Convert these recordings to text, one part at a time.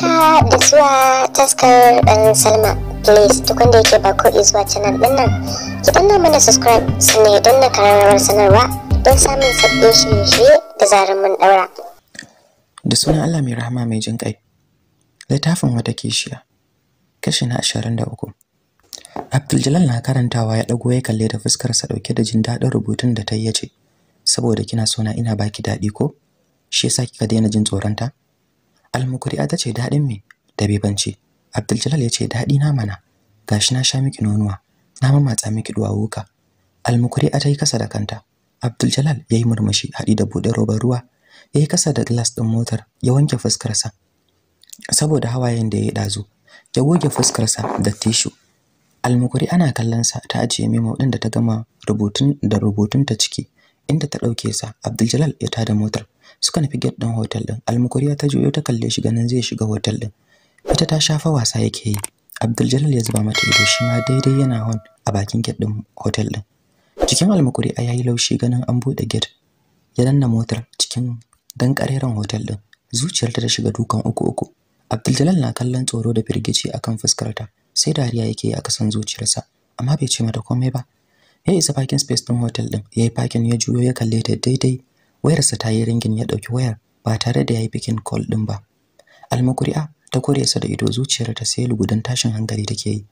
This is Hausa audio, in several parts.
haka da zuwa taskar dan salma please duk wanda yake ba ko zuwa canal din nan ki danna mana subscribe sannan ya danna karamar sanarwa don samun sabbin shirye-shirye da zarar mun daura da sunan allah mai rahama mai jin kai littafin wata kishiya kashi na ashirin da uku abdul na karantawa ya ɗago ya kalle da fuskarsa ɗauke da jin daɗin rubutun da ta yi ya ce saboda kina sona ina baki daɗi ko shi yasa kika daina jin tsoronta Almukuri ta ce daɗin me da bebanci abdul ya ce daɗi na mana gashi na sha miki nonuwa na mamatsa miki duwawuka almukuri'a ta yi kasa da kanta abdul jalal ya yi murmushi haɗi da buɗe robar ruwa ya yi kasa da glass ɗin motar ya wanke fuskarsa saboda hawayen da ya yi ɗazu ya goge fuskarsa da tishu almukuri ana kallon sa ta ajiye memo ɗin da ta gama rubutun da rubutunta ciki inda ta ɗauke sa abdul ya tada motar suka nufi gate din hotel ɗin. almukuriya ta juyo ta kalle shi ganin zai shiga hotel ɗin. ita ta shafa wasa yake yi abdul ya zuba mata ido shi ma daidai yana hon a bakin gate ɗin hotel ɗin. cikin almukuri a yayi laushi ganin an buɗe gate ya danna motar cikin dan ƙareren hotel ɗin zuciyarta ta shiga dukan uku uku abdul na kallon tsoro da firgici akan fuskarta sai dariya yake a kasan zuciyarsa amma bai ce mata komai ba ya isa parking space ɗin hotel Ya yi parking ya juyo ya kalle ta daidai wayarsa ta yi ringin ya ɗauki wayar ba tare da ya yi bikin call ɗin ba almakuri'a ta kore sa da ido zuciyar ta sai lugudan tashin hankali ke yi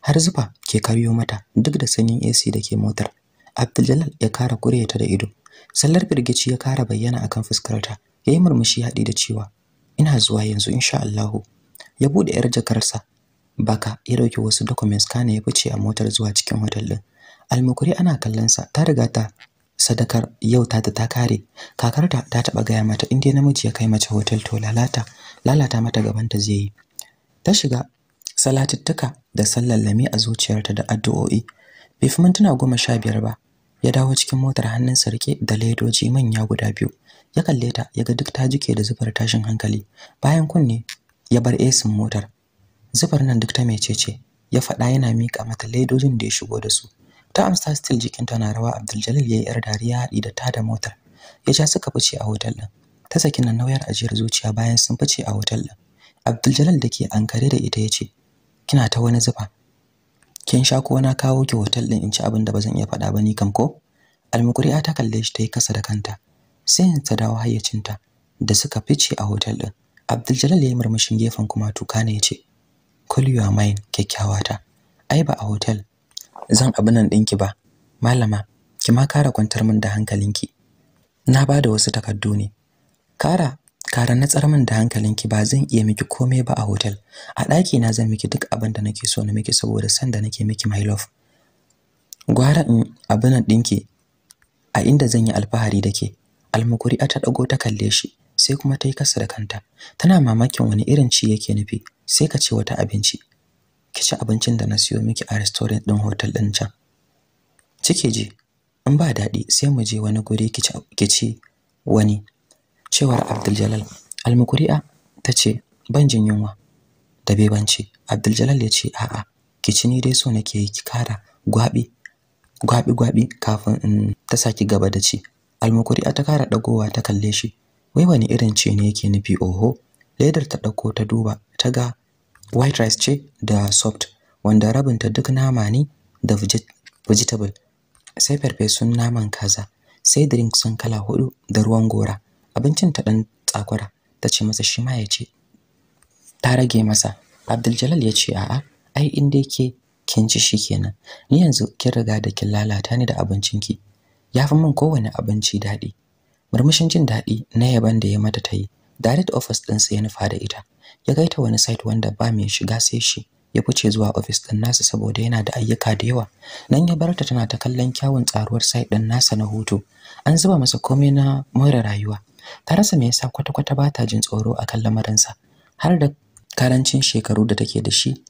har zufa ke karyo mata duk da sanyin AC da ke motar Abdul ya kara kure ta da ido sallar firgici ya kara bayyana akan fuskarta yi murmushi haɗi da cewa ina zuwa yanzu insha Allahu ya buɗe yar jakarsa baka ya ɗauki wasu documents kana ya fice a motar zuwa cikin hotel ɗin. almakuri ana kallon sa ta riga ta sadakar yau ta ta kare kakarta ta taba gaya mata in namiji ya kai mace hotel to lalata lalata mata gabanta zai yi ta shiga salatuttuka da sallallami a zuciyarta da addu'o'i bai fi mintuna goma sha biyar ba ya dawo cikin motar hannun sarki da ledoji manya guda biyu ya kalle ta ya ga duk ta jike da zubar tashin hankali bayan kunne ya bar esin motar zubar nan duk ta mecece ya faɗa yana miƙa mata ledojin da ya shigo da su ta amsa still jikinta na rawa Abdul ya yi yar dariya haɗi da ta da motar ya ja suka fice a hotel ɗin ta saki nan nauyar ajiyar zuciya bayan sun fice a hotel ɗin Abdul da ke ankare da ita ya ce kina ta wani zufa kin sha ko na kawo ki hotel ɗin in ci abin da bazan iya faɗa ba ni kam ko almukuri'a ta kalle shi ta yi kasa da kanta sai ta dawo hayyacinta da suka fice a hotel ɗin Abdul ya yi murmushin gefen kuma tuka ne ya ce Kulliwa mine kyakkyawata. Ai ba a hotel zan abu nan ɗinki ba malama ki ma kara kwantar min da hankalinki na bada wasu takardu ne kara kara na tsar min da hankalinki ba zan iya miki komai ba a hotel a ɗaki na zan miki duk abin da nake so na miki saboda san da nake miki my love gwara in abu nan ɗinki a inda zan yi alfahari da ke almukuri ta ɗago ta kalle shi sai kuma ta yi kasa da kanta tana mamakin wani irin ci yake nufi sai ka ce wata abinci ki ci abincin da na siyo miki a restaurant din hotel din can ciki je in ba daɗi sai mu je wani guri ki ci wani cewar Abdul Jalal almukuri'a ta ce ban jin yunwa da bance, Abdul Jalal ya ce a'a ki ci ni dai so nake yi ki kara gwabi gwabi gwabi kafin in ta saki gaba da ci almukuri'a ta kara dagowa ta kalle shi wai wani irin ce ne yake nufi oho ledar ta ɗauko ta duba ta ga white rice ce da soft wanda rabinta duk nama ne da vegetable sai farfesun naman kaza sai drink sun kala hudu da ruwan gora abincin ta dan tsakwara ta ce masa shi ma ya ce ta rage masa Abdul ya ce a'a ai in dai ke kin ci shi kenan. ni yanzu kin riga da kin lalata ni da abincin ki fi min kowane abinci daɗi murmushin jin daɗi na yaban da ya mata ta yi direct office ɗinsa ya nufa da ita ya gaita wani site wanda ba mai shiga sai shi ya fice zuwa ofis din nasa saboda yana da ayyuka da yawa nan ya barta tana ta kallon kyawun tsaruwar site din nasa na hutu. an zuba masa komai na more rayuwa ta rasa me yasa kwata-kwata ba ta jin tsoro akan lamarinsa har da karancin shekaru da take da shi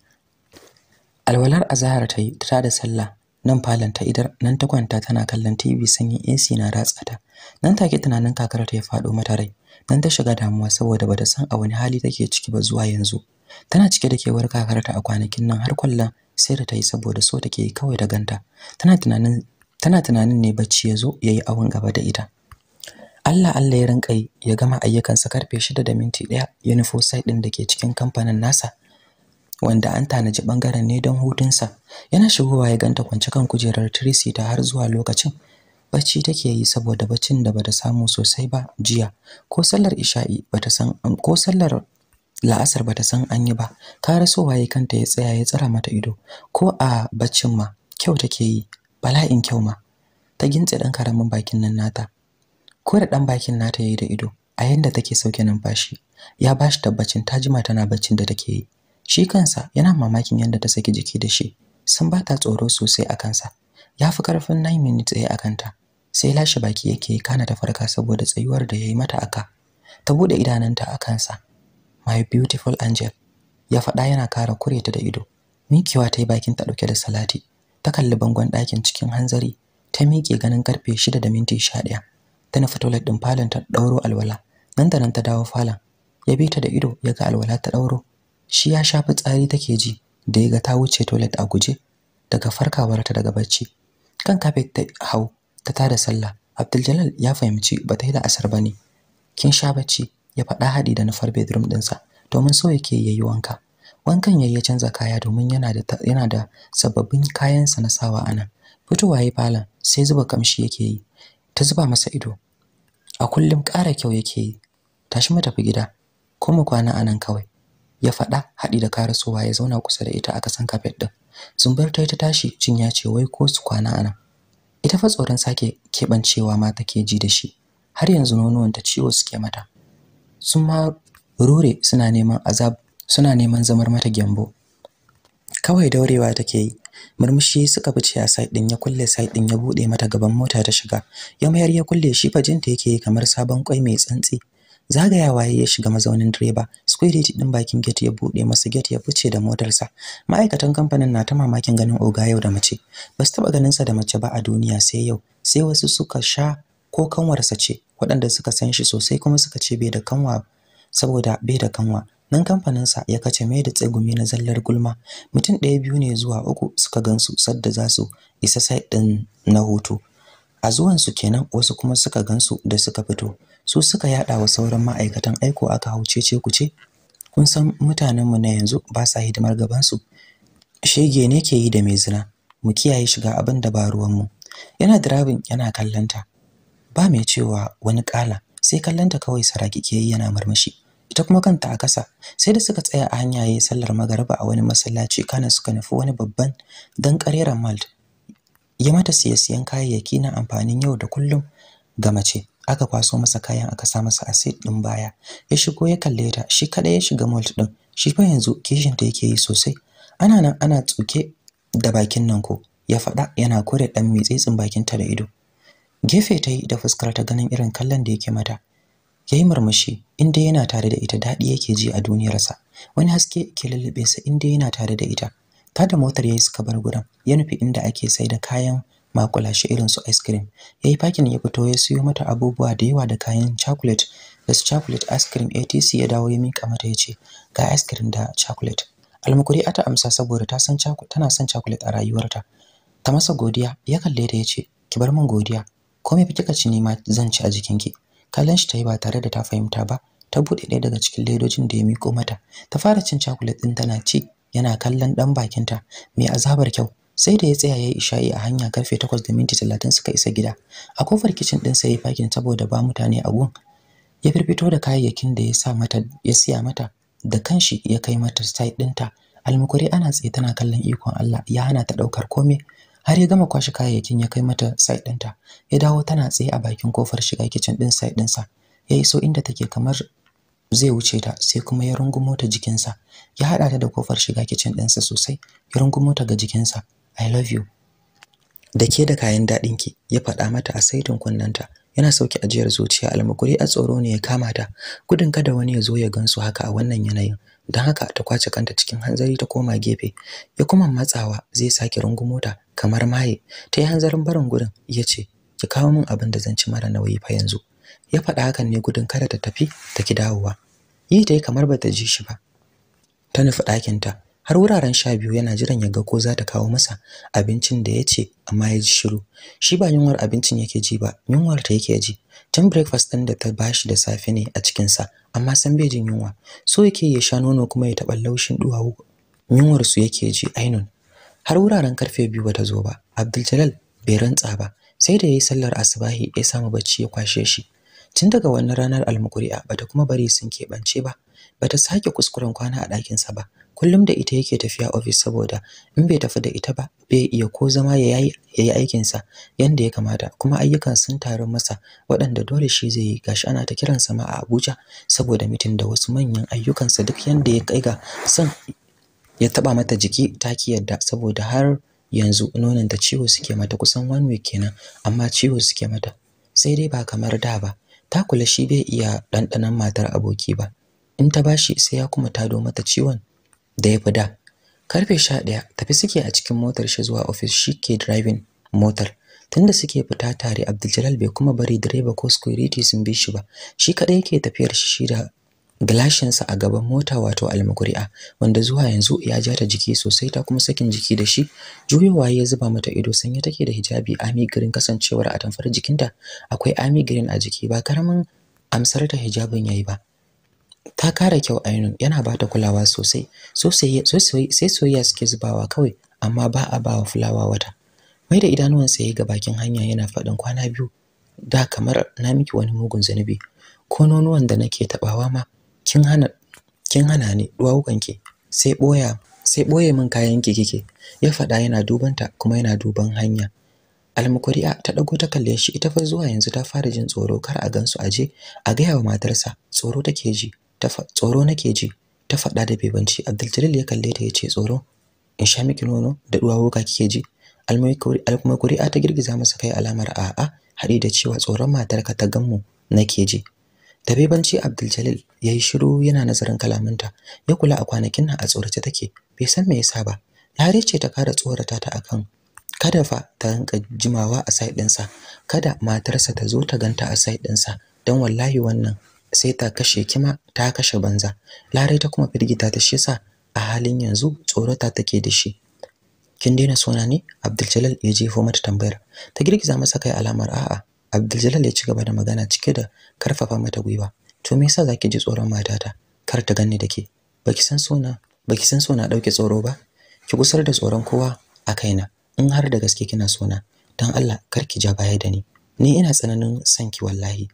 alwalar azahar ta yi ta da sallah nan falonta idar nan ta kwanta tana kallon TV sanyin AC na ratsa ta nan take tunanin kakar ta ya faɗo mata rai nan ta shiga damuwa saboda bata san a wani hali take ciki ba zuwa yanzu tana cike da kewar kakar ta a kwanakin nan har kullun sai da ta yi saboda so take kawai da ganta tana tunanin tana tunanin ne bacci ya zo ya yi awon gaba da ita Allah Allah ya rinka ya gama ayyukansa karfe shida da minti ɗaya ya nufo site ɗin da ke cikin kamfanin nasa wanda an tanaji bangaren ne don hutunsa yana shigowa ya ganta kwance kan kujerar Tracy ta har zuwa lokacin bacci take yi saboda baccin da bata samu sosai ba jiya ko sallar isha'i bata san ko sallar la'asar bata san an yi ba karasowa ya kanta ya tsaya ya tsara mata ido ko a baccin ma kyau take yi bala'in kyau ma ta gintse dan karamin bakin nan nata ko da dan bakin nata yayi da ido a yanda take sauke numfashi ya bashi tabbacin ta jima tana baccin da take yi shi kansa yana mamakin yanda ta saki jiki da shi sun bata tsoro sosai a kansa ya fi karfin 9 minutes ɗaya a kanta sai lashe baki yake kana ta farka saboda tsayuwar da ya yi mata aka ta buɗe idananta a kansa my beautiful angel ya faɗa yana kara ta da ido mikiwa ta yi bakin ta dauke da salati ta kalli bangon ɗakin cikin hanzari ta miƙe ganin karfe shida da minti 11 ta nufi toilet ɗin falon ta dauro alwala nan da nan ta dawo falon ya bi ta da ido ya ga alwala ta ɗauro. shi ya sha fitsari take ji da ya ga ta wuce toilet a guje daga farkawar ta daga bacci kan kafet ta hau ta tada sallah Abdul ya fahimci ba ta yi la'asar ba ne kin sha bacci ya faɗa haɗi da nufar bedroom to domin so yake yayi wanka wankan yayi ya canza kaya domin yana da yana da sababbin kayansa na sawa anan fitowa yayi falon sai zuba kamshi yake yi ta zuba masa ido a kullum ƙara kyau yake yi tashi mu tafi gida ko mu kwana anan kawai ya faɗa haɗi da karasowa ya zauna kusa da ita a kasan kafet ɗin zumbar ta ta tashi cin ya ce wai ko su kwana anan ita fa tsoron sake keɓancewa ma take ji da shi har yanzu nonuwanta ciwo suke mata sun ma rure suna neman azab suna neman zamar mata gyambo kawai daurewa take yi murmushi suka fice a side din ya kulle side din ya bude mata gaban mota ta shiga ya mayar ya kulle shi fajinta yake kamar sabon kwai mai tsantsi zagaya waye ya shiga mazaunin direba security din bakin gate ya bude masa gate ya fice da motarsa ma'aikatan kamfanin na ta mamakin ganin oga yau da mace ba su taba ganin sa da mace ba a duniya sai yau sai wasu suka sha ko kanwarsa ce waɗanda suka san shi sosai kuma suka ce bai da kanwa saboda bai da kanwa nan kamfanin sa ya kace mai da tsegumi na zallar gulma mutum ɗaya biyu ne zuwa uku suka gansu sadda za su isa sai ɗin na hoto a zuwansu kenan wasu kuma suka gansu da suka fito su suka yada wa sauran ma'aikatan aiko aka hau cece ce. kun san mutanenmu na yanzu ba sa hidimar gabansu shege ne ke yi da mai zina mu kiyaye shiga abin da ba ruwanmu yana dirabin yana kallanta ba mai cewa wani kala sai kallanta kawai saraki ke yi yana murmushi ita kuma kanta a kasa sai da suka tsaya a hanya yayin sallar magariba a wani masallaci kana suka nufi wani babban dan kareran malt ya mata siyasiyan kayayyaki na amfanin yau da kullum ga mace aka kwaso masa kayan aka sa masa acid din baya ya shigo ya kalle ta shi kada ya shiga malt din shi fa yanzu kishin ta yake yi sosai ana nan ana tsuke da bakin nan ko ya faɗa yana kore dan mitsitsin bakin ta da ido gefe ta yi da fuskar ta ganin irin kallon da yake mata yayi murmushi inda yana tare da ita dadi yake ji a duniyarsa wani haske ke lullube sa inda yana tare da ita ta da motar yayi suka bar gurin, ya nufi inda ake sai da kayan makulashe irin su ice cream yayi fakin ya fito ya siyo mata abubuwa da yawa da kayan chocolate da su chocolate ice cream ATC ya dawo ya mika mata ya ce ga ice cream da chocolate almukuri ata amsa saboda ta san tana son chocolate a rayuwarta ta masa godiya ya kalle ta ya ce ki bar min godiya komai fa kika ci ni ma zan ci a jikinki kallon shi ta yi ba tare da ta fahimta ba ta buɗe ɗaya daga cikin ledojin da ya miko mata ta fara cin chocolate ɗin tana ci yana kallon ɗan bakinta mai azabar kyau sai da ya tsaya ya yi isha'i a hanya karfe 8:30 suka isa gida a kofar kicin din sai ya fakin saboda ba mutane a gun ya firfito da kayayyakin da ya sa mata ya siya mata da kanshi ya kai mata sai dinta almukuri ana tsaye tana kallon ikon Allah ya hana ta daukar komai har ya gama kwashi kayayyakin ya kai mata sai ɗinta ya dawo tana tsaye a bakin kofar shiga kicin din sai dinsa ya iso inda take kamar zai wuce ta sai kuma ya rungumo ta jikinsa ya haɗa ta da kofar shiga kicin ɗinsa sosai ya rungumo ta ga jikinsa I love you. Da ke da kayan daɗinki ya faɗa mata a saitin kunnanta. yana sauki ajiyar zuciya almukuri a tsoro ne ya kama ta gudun kada wani ya zo ya gansu haka a wannan yanayin don haka ta kwace kanta cikin hanzari ta koma gefe ya kuma matsawa zai sake rungumo ta kamar maye ta yi hanzarin barin gurin ya ce ki kawo min abin da zan ci mara nauyi fa yanzu ya faɗa hakan ne gudun kada ta tafi ta ki dawowa yi ta yi kamar bata ji shi ba ta nufi ɗakinta har wuraren sha biyu yana jiran ya ga ko za ta kawo masa abincin da ya ce amma ya ji shiru shi ba yunwar abincin yake ji ba yunwar ta yake ji tun breakfast ɗin da ta ba shi da safe ne a cikinsa amma san bai jin yunwa so yake ya sha nono kuma ya taɓa laushin duwawu yunwar su yake ji ainun har wuraren karfe biyu bata zo ba abdul bai rantsa ba sai da ya yi sallar asubahi ya samu bacci ya kwashe shi tun daga wannan ranar almukuri'a bata kuma bari sun keɓance ba bata sake kuskuren kwana a ɗakinsa ba kullum da ita yake tafiya ofis saboda in bai tafi da ita ba bai iya ko zama ya yi sa yanda ya kamata kuma ayyukan sun taru masa waɗanda dole shi zai yi gashi ana ta kiransa ma a Abuja saboda mitin da wasu manyan ayyukansa duk yanda ya kai ga son ya taba mata jiki ta ki yadda saboda har yanzu nonon ta ciwo suke mata kusan one week kenan amma ciwo suke mata sai dai ba kamar da ba ta kula shi bai iya ɗanɗanon matar aboki ba in ta bashi sai ya kuma tado mata ciwon da ya fi da karfe 11 tafi suke a cikin motar shi zuwa office shi ke driving motar tunda suke fita tare Abdul bai kuma bari direba ko security sun bi shi ba shi kadai yake tafiyar shi shi da gilashinsa a gaban mota wato almukuri'a wanda zuwa yanzu ya ja ta jiki sosai ta kuma sakin jiki da shi juyowa ya zuba mata ido sanya take da hijabi ami green kasancewar a tamfar jikinta akwai ami green a jiki ba karamin amsar ta hijabin yayi ba ta kara kyau a ainun yana ba ta kulawa sosai sai soyayya suke zubawa kawai amma ba a ba wa fulawa wata mai da idanuwansa ya ga bakin hanya yana faɗin kwana biyu da kamar na miki wani mugun zanubi ko nonuwan da nake tabawa ma kin hana kin hana ni sai sai boye min kayan ki kike ya faɗa yana dubanta kuma yana duban hanya Almukuri'a ta dago ta kalle shi ita fa zuwa yanzu ta fara jin tsoro kar a gansu aje a gaya wa matarsa tsoro take ji tsoro nake ji ta faɗa da bebanci Abdul ya kalle ta yace tsoro in sha miki nono da duwawuka kike ji almai kuri'a ta girgiza masa kai alamar a'a haɗi da cewa tsoron matarka ta gammu nake ji da bebanci Abdul Jalil yayi shiru yana nazarin kalamanta ya kula a kwanakin nan a tsorace take bai san me yasa ba yare ce ta kara tsorata ta akan kada fa ta rinka jimawa a side ɗinsa kada matarsa ta zo ta ganta a side ɗinsa don wallahi wannan sai ta kashe kima ta kashe banza larai ta kuma firgita ta shi yasa a halin yanzu tsorata take da shi kin daina sona ne Abdul ya jefo mata tambayar ta girgiza masa kai alamar a'a Abdul ya ci gaba da magana cike da karfafa mata gwiwa to me yasa zaki ji tsoron matata kar ta ganni dake baki san sona baki san sona dauke tsoro ba ki gusar da tsoron kowa a kaina in har da gaske kina sona dan Allah kar ki ja baya da ni ni ina tsananin sanki wallahi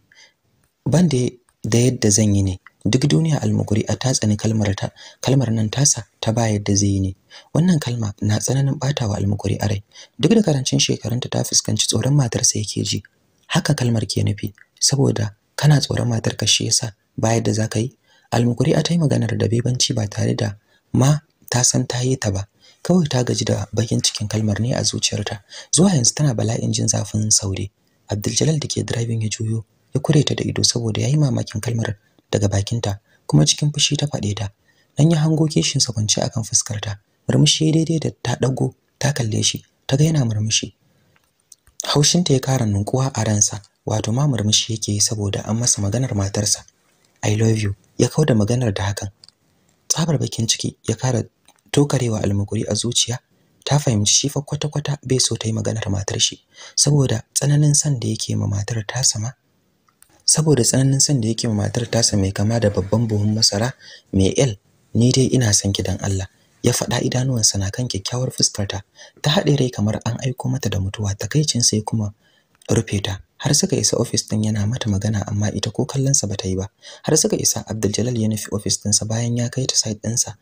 ban da da yadda zan yi ne duk duniya almuguri a ta tsani kalmar ta kalmar nan tasa ta ba yadda zai yi ne wannan kalma na tsananin batawa almuguri a rai duk da karancin shekarunta ta fuskanci tsoron matarsa yake ji haka kalmar ke nufi saboda kana tsoron matarka shi yasa ba yadda za ka yi almuguri a ta yi maganar da bebanci ba tare da ma ta san ta yi ta ba kawai ta gaji da bakin cikin kalmar ne a zuciyarta zuwa yanzu tana bala'in jin zafin saure Abdul da ke driving ya juyo ya kure ta da ido saboda yayi mamakin kalmar daga bakinta kuma cikin fushi ta faɗe ta dan ya hango kishin sa kwance akan fuskar ta murmushi daidai da ta dago ta kalle shi ta ga yana murmushi haushinta ya kara nunkuwa a ransa wato ma murmushi yake yi saboda an masa maganar matarsa i love you ya kauda maganar da hakan tsabar bakin ciki ya kara tokarewa almukuri a zuciya ta fahimci shi fa kwata-kwata bai so ta yi maganar matar shi saboda tsananin san da yake ma matar ta sama saboda tsananin son da yake ma matar tasa mai kama da babban buhun masara mai el ni dai ina son ki dan Allah ya faɗa idanuwansa na kan kyakkyawar fuskarta ta haɗe rai kamar an aiko mata da mutuwa takaicin sai kuma rufe ta har suka isa ofis din yana mata magana amma ita ko kallon sa bata yi ba har suka isa Abdul ya nufi ofis ɗinsa bayan ya kai ta site sa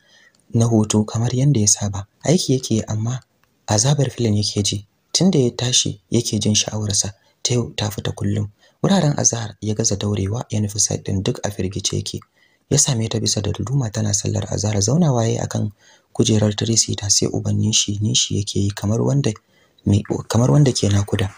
na hoto kamar yanda ya saba aiki yake amma azabar filin yake ji tunda ya tashi yake jin sha'awarsa ta yau ta fita kullum Wuraren azahar ya gaza daurewa ya nufi sadin, duk a firgice yake. Ya same ta bisa da duduma tana sallar azahar zaunawa yayi akan kujerar trisita sai ubannin shi nishi yake yi kamar wanda mai kamar wanda ke nakuda.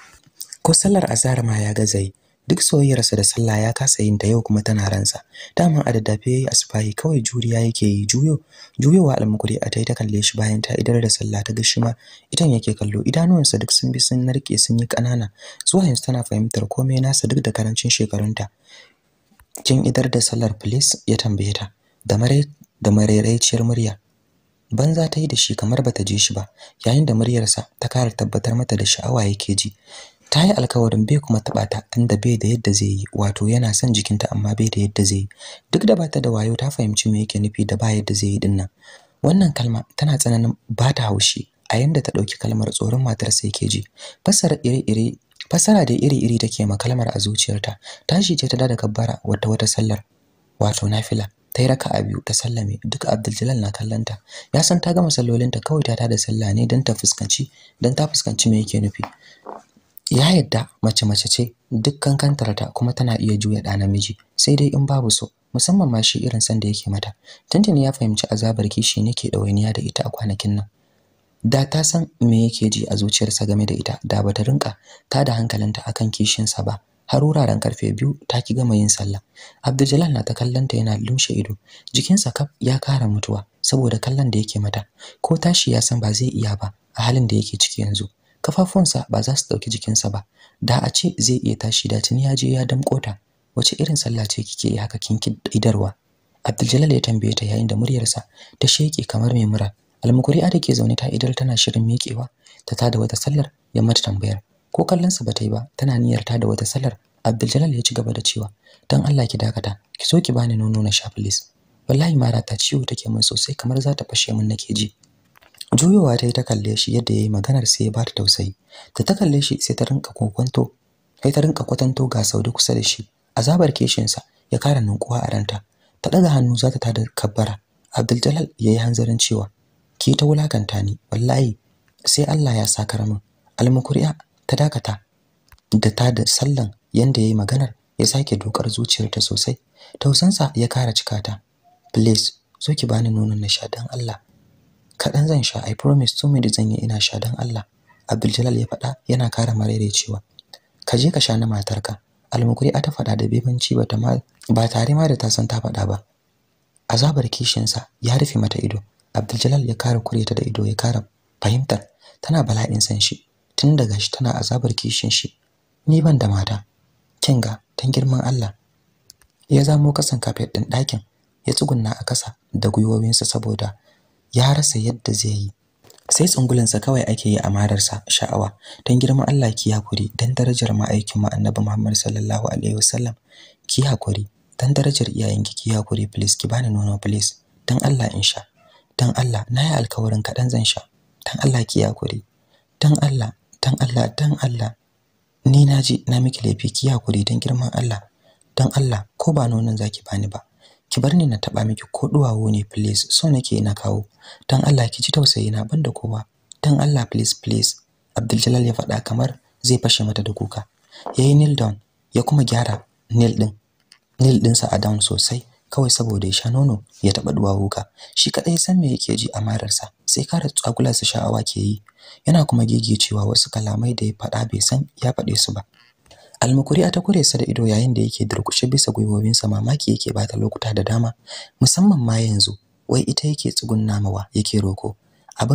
Ko sallar azahar ma ya gaza yi. duk soyayyarsa da sallah ya kasa yin ta yau kuma tana ransa daman a daddafe yayi asfahi kawai juriya yake yi juyo juyowa almukuri a tai ta kalle shi bayan ta idar da sallah ta ga shi ma idan yake kallo idanuwansa duk sun bi sun narke sun yi kanana zuwa yanzu tana fahimtar komai nasa duk da karancin shekarunta kin idar da sallar please ya tambaye ta da mare da marairaiciyar murya banza ta yi da shi kamar bata ji shi ba yayin da muryarsa ta kara tabbatar mata da sha'awa yake ji ta yi alkawarin bai kuma taɓa ta inda bai da yadda zai yi wato yana son jikinta amma bai da yadda zai yi duk da bata da wayo ta fahimci me yake nufi da ba yadda zai yi dinnan wannan kalma tana tsananin ba ta haushi a yanda ta ɗauki kalmar tsoron matar matarsa ke ji fassara iri-iri fassara da iri-iri take ma kalmar a zuciyarta tashi ce ta da kabbara wata wata sallar wato nafila ta yi raka a biyu ta sallame duk Abdul na kallanta ya san ta gama sallolinta kawai ta tada sallah ne don ta fuskanci don ta fuskanci me yake nufi ya yadda mace mace ce duk kantar ta kuma tana iya juya ɗa namiji sai dai in babu so musamman ma shi irin san da yake mata tantan ya fahimci azabar kishi ne ke ɗawainiya da ita a kwanakin nan da ta san me yake ji a zuciyarsa game da ita da bata rinka ta da hankalinta akan kishinsa ba har wuraren karfe biyu ta ki gama yin sallah abdujalal na ta kallonta yana lumshe ido jikinsa kaf ya kara mutuwa saboda kallon da yake mata ko tashi ya san ba zai iya ba a halin da yake ciki yanzu kafafunsa ba za su dauki jikinsa ba da a ce zai iya tashi da tuni ya je ya damko ta wace irin sallah ce kike yi haka kin kidarwa Abdul ya tambaye ta yayin da muryarsa ta sheke kamar mai mura Almukuri'a da ke zaune ta idar tana shirin mikewa ta tada wata sallar ya mata tambayar ko kallonsa ba ta yi ba tana niyyar tada wata sallar Abdul ya ci gaba da cewa dan Allah ki dakata ki so ki bani nono na sha please wallahi mara ta ciwo take mun sosai kamar za ta fashe min nake ji juyowa ta yi ta kalle shi yadda ya yi maganar sai ya ba ta tausayi da ta kalle shi sai ta rinka sai ta rinka kwatanto ga saudi kusa da shi azabar keshinsa ya kara ninkuwa a ranta ta ɗaga hannu za ta tada kabbara abdul ya yi hanzarin cewa Ke ta wulakanta ni wallahi sai allah ya sa karamin almukuriya ta dakata da ta da sallan yadda ya yi maganar ya sake dokar zuciyarta sosai tausansa ya kara cika ta please zo ki bani nonon na sha don allah kaɗan zan sha i promise two minutes zan yi ina sha don Allah Abdul ya faɗa yana kara marere cewa ka je ka sha na matarka almukuri ta faɗa da bebanci bata ma ba tare ma da ta san ta faɗa ba azabar kishinsa ya rufe mata ido Abdul ya kara kureta da ido ya kara fahimtar tana bala'in san shi tun daga shi tana azabar kishin shi ni ban da mata kinga tan girman Allah ya zamo kasan kafet din ɗakin ya tsugunna a kasa da gwiwowinsa saboda ya rasa yadda zai yi sai tsungulansa kawai ake yi a mararsa sha'awa don girman Allah ki hakuri don darajar ma'aikin ma annabi Muhammad sallallahu alaihi wasallam ki hakuri don darajar iyayenki ki hakuri please ki bani nono please don Allah in sha don Allah na yi alkawarin kaɗan zan sha don Allah ki hakuri don Allah don Allah don Allah ni na ji na miki laifi ki hakuri don girman Allah don Allah ko ba nonon zaki bani ba ki bar ni na taba miki ko duwawo ne please so nake na kawo dan Allah ki ji tausayi na banda kowa dan Allah please please Abdul ya faɗa kamar zai fashe mata da kuka yayi nil down ya kuma gyara nil din din sa a down sosai kawai saboda ya sha nono ya taba ka. shi kadai san me yake ji a mararsa sai kara tsagula su sha'awa ke yi yana kuma gegecewa wasu kalamai da ya faɗa bai san ya faɗe su ba a ta kure sa da ido yayin da yake durkushe bisa gwiwowinsa mamaki yake bata lokuta da dama musamman ma yanzu wai ita yake tsugunnawa yake roko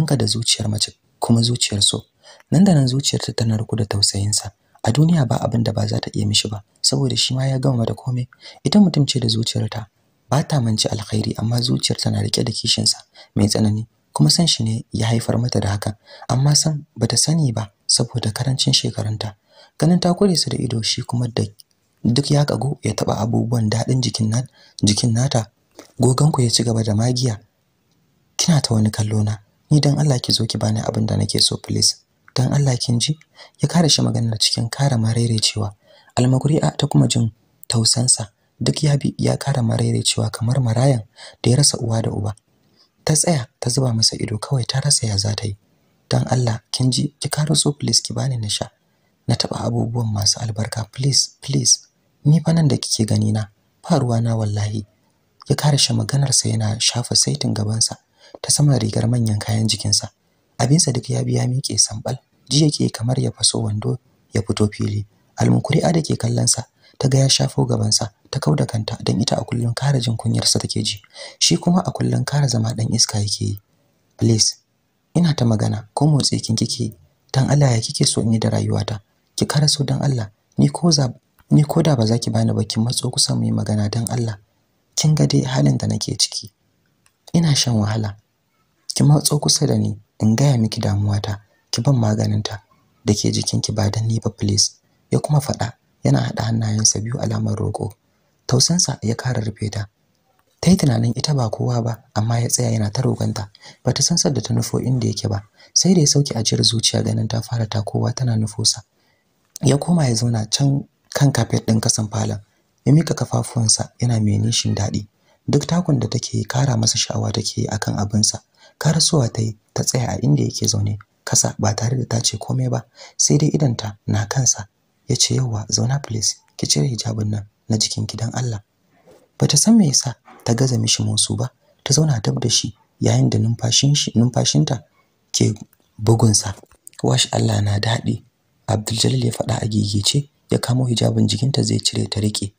ka da zuciyar mace kuma zuciyar so nan da nan zuciyarta ta ruku da tausayinsa a duniya ba abin da ba za ta iya mishi ba saboda shi ma ya gama da komai ita mutum ce da zuciyarta ba ta manci alkhairi amma zuciyar na rike da kishinsa mai tsanani kuma san shi ne ya haifar mata da haka amma san bata sani ba saboda karancin shekarunta ganin ta kure su da ido shi kuma da duk ya kago ya taba abubuwan dadin jikin nan jikin nata goganku ya ci gaba da magiya kina ta wani kallo na ni dan Allah ki zo ki bani abin da nake so please dan Allah kin ji ya kare shi maganar cikin kara marere cewa almaguri'a ta kuma jin tausansa duk ya bi ya kara marere cewa kamar marayan da ya rasa uwa da uba ta tsaya ta zuba masa ido kawai ta rasa ya za ta yi dan Allah kin ji ki karo so please ki bani na sha na taɓa abubuwan masu albarka please please ni fa nan da kike gani na ba ruwa na wallahi ya maganar maganarsa yana shafa saitin gabansa ta sama rigar manyan kayan jikinsa abinsa duk ya biya miƙe sambal ji yake kamar ya faso wando ya fito fili almukuri a dake sa ta ga ya shafo gabansa ta kau da kanta don ita a kullum kara jin kunyarsa take ji shi kuma a kullum kara zama ɗan iska yake yi please ina ta magana ko motsi kin kike dan Allah ya kike so in yi da rayuwata ki karaso dan Allah ni ko za ni ko da ba za ki bani ba ki matso kusa mu yi magana dan Allah kin ga dai halin da nake ciki ina shan wahala ki matso kusa da ni in gaya miki ta, ki ban maganin ta. da ke jikinki ba dan ni ba please ya kuma faɗa yana haɗa hannayensa biyu alamar roƙo tausansa ya kara rufe ta ta yi tunanin ita ba kowa ba amma ya tsaya yana ta roganta ba ta san sadda ta nufo inda yake ba sai da ya sauke ajiyar zuciya ganin ta fara takowa tana nufosa ya koma ya zauna can kan kafet ɗin kasan falon ya mika kafafuwansa yana mai nishin daɗi duk takun da take kara masa sha'awa take yi akan abinsa suwa ta yi ta tsaya a inda yake zaune kasa ba tare da ta ce komai ba sai dai idanta na kansa ya ce yawa zauna please ki cire hijabin nan na jikin gidan Allah Ba ta san me yasa ta gaza mishi musu ba ta zauna dab da shi yayin da numfashinta ke bugunsa wash Allah na daɗi Abdul ya faɗa a gigice ya kamo hijabin jikinta zai cire ta rike.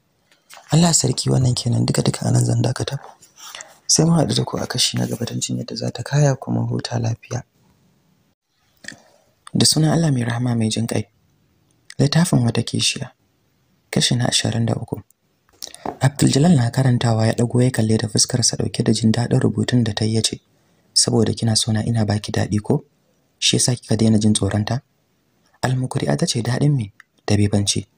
Allah sarki wannan kenan duka duka anan zan dakata. Sai mu haɗu da ku a kashi na gaba don jin yadda za ta kaya kuma huta lafiya. Da sunan Allah mai rahama mai jin ƙai. Littafin wata kishiya. Kashi na uku. Abdul na karantawa ya dago ya kalle da fuskarsa sa dauke da jin dadin rubutun da ta yi ya ce, saboda kina sona ina baki dadi ko shi yasa kika daina jin tsoronta almukuri'a ta ce daɗin me da bebanci